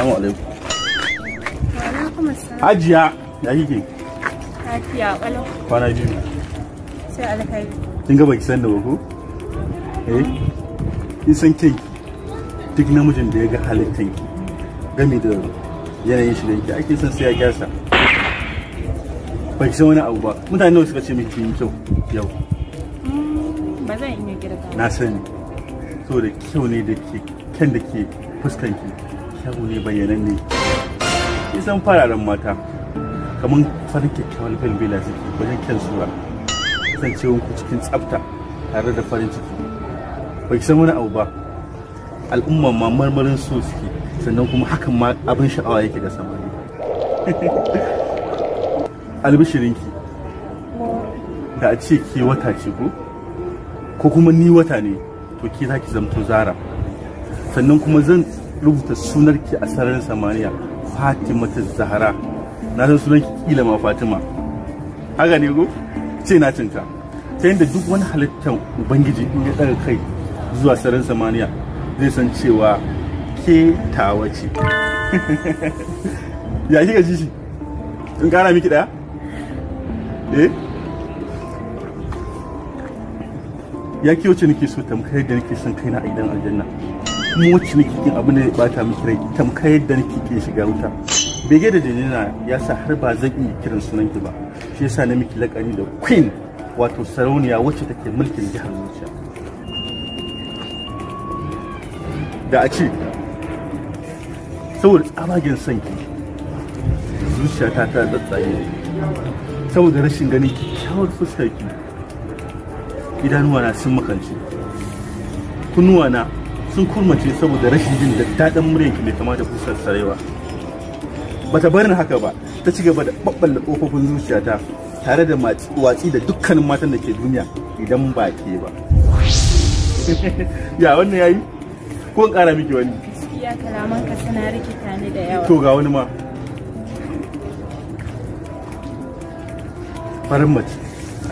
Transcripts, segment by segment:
Assalamu alaikum. Hajiya, ya kike? Lafiya kalau. Kwana biyu. Sai alkhairi. Kin ga baki san da ko? Eh? Kin san kin duk namijin da ya ga halittan ki game da yanayin shi ki ake son sai ya gyasa. Baki san wani abu ba. Mutane nawa suka ce miki kin kyau yau? Mm, ba zan iya girka. Na sani. Saboda kyau ne da ke kan da ke fuskanki. shago ne bayanan ne kisan fararen mata kamar farin kyakkyawan falbela suke wajen kyan sura kasancewan ku cikin tsafta tare da farin ciki ba san wani abu ba al'umma ma marmarin so suke sannan kuma hakan ma abin sha'awa yake da samari albishirinki da a ce ke wata ce ko ko kuma ni wata ne to ke za ki zamto zara sannan kuma zan rubuta sunarki a sararin samaniya fatima ta zahara na san sunanki kila ma fatima haka ne go. ce na cinta ta yadda duk wani halittar ubangiji in ya daga kai zuwa sararin samaniya zai san cewa ke tawa ce ya kika ji shi in kara miki daya eh ya kiyo ce nake so tamkar da nake son kaina a idan aljanna moci ne kikin abin da ya bata miki rai tamkar yadda nake ke shiga wuta bege da dalila ya sa har ba zan iya kiran sunan ki ba shi yasa na miki lakani da queen wato sarauniya wacce take mulkin jihar zuciya da a ce saboda tsabagen son ki zuciyata ta tsatsaye saboda rashin ganin kyakkyawar fuskar ki idanuwa na sun makance kunuwa na sun kurmace saboda rashin jin daɗin muryar ki mai kama da kusan sarewa bata barin haka ba ta ci gaba da babballe kofofin zuciyata tare da watsi da dukkanin matan da ke duniya idan ba ke ba ya wannan yayi ko in kara miki wani ya kalaman ka tana rikita ni da yawa to ga wani ma farin mace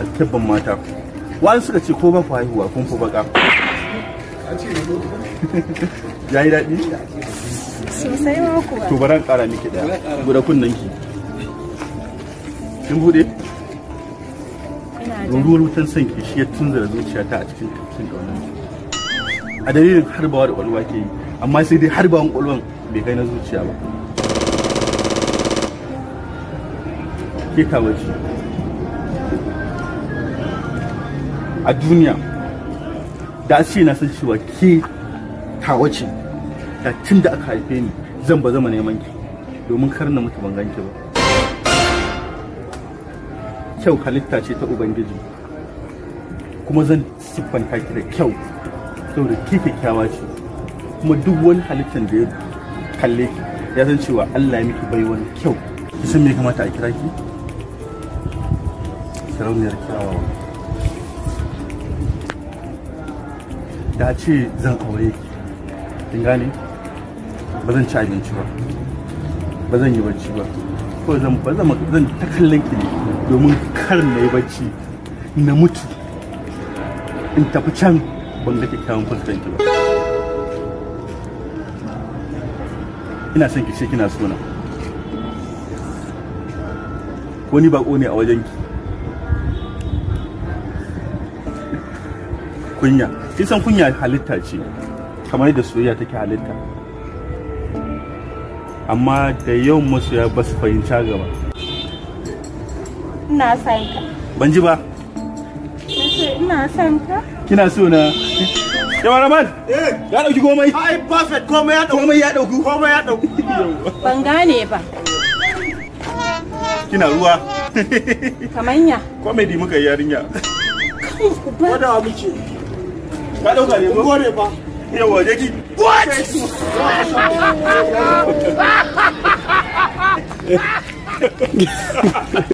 alkebban mata wani suka ce ko ba ku haihuwa kun fi baka ya yi daɗi? sosai ma kuwa to baran ƙara miki ɗaya guda kunnen ki kin buɗe? ruruwar wutan son ki shi ya tunzura zuciya ta a cikin cikin ƙaunar a dalilin harbawa da ƙwalwa ke yi amma sai dai harbawan ƙwalwan bai kai na zuciya ba ke kawo a duniya da a na san cewa ke ta ce da tun da aka haife ni zan ba zama neman ki domin kar na mutu ban ganki ba kyau halitta ce ta ubangiji kuma zan siffanta ki da kyau saboda ki kyakkyawa ce kuma duk wani halittan da ya kalle ya san cewa Allah ya miki bai wani kyau Kisan san kamata a kira ki sarauniyar kyawawa da ce zan aure kin gane ba zan ci abinci ba ba zan yi bacci ba ko zan ba zan zan ta kallon ki domin kar na yi bacci na mutu in tafi can ban ga kyakkyawan fuskan ki ba ina son ki ce kina sona ko ni bako ne a wajen ki kunya kisan kunya halitta ce kamar yadda soyayya take halitta amma da yawan masoya ba su fahimta gaba ina son ka ban ji ba ina son ka kina so na yawa raman eh. ya dauki komai ai perfect komai ya dauki komai ya dauki komai ya dauki ban gane ba kina ruwa kamanya komedi muka yi yarinya muke ka what